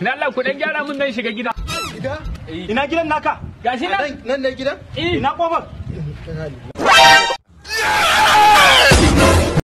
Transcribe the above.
Na Allah ku dan gyara mun dan shiga gida. Gida? Ina gidan naka? Gashi nan. Nan ne gidan? Eh. Ina kofar?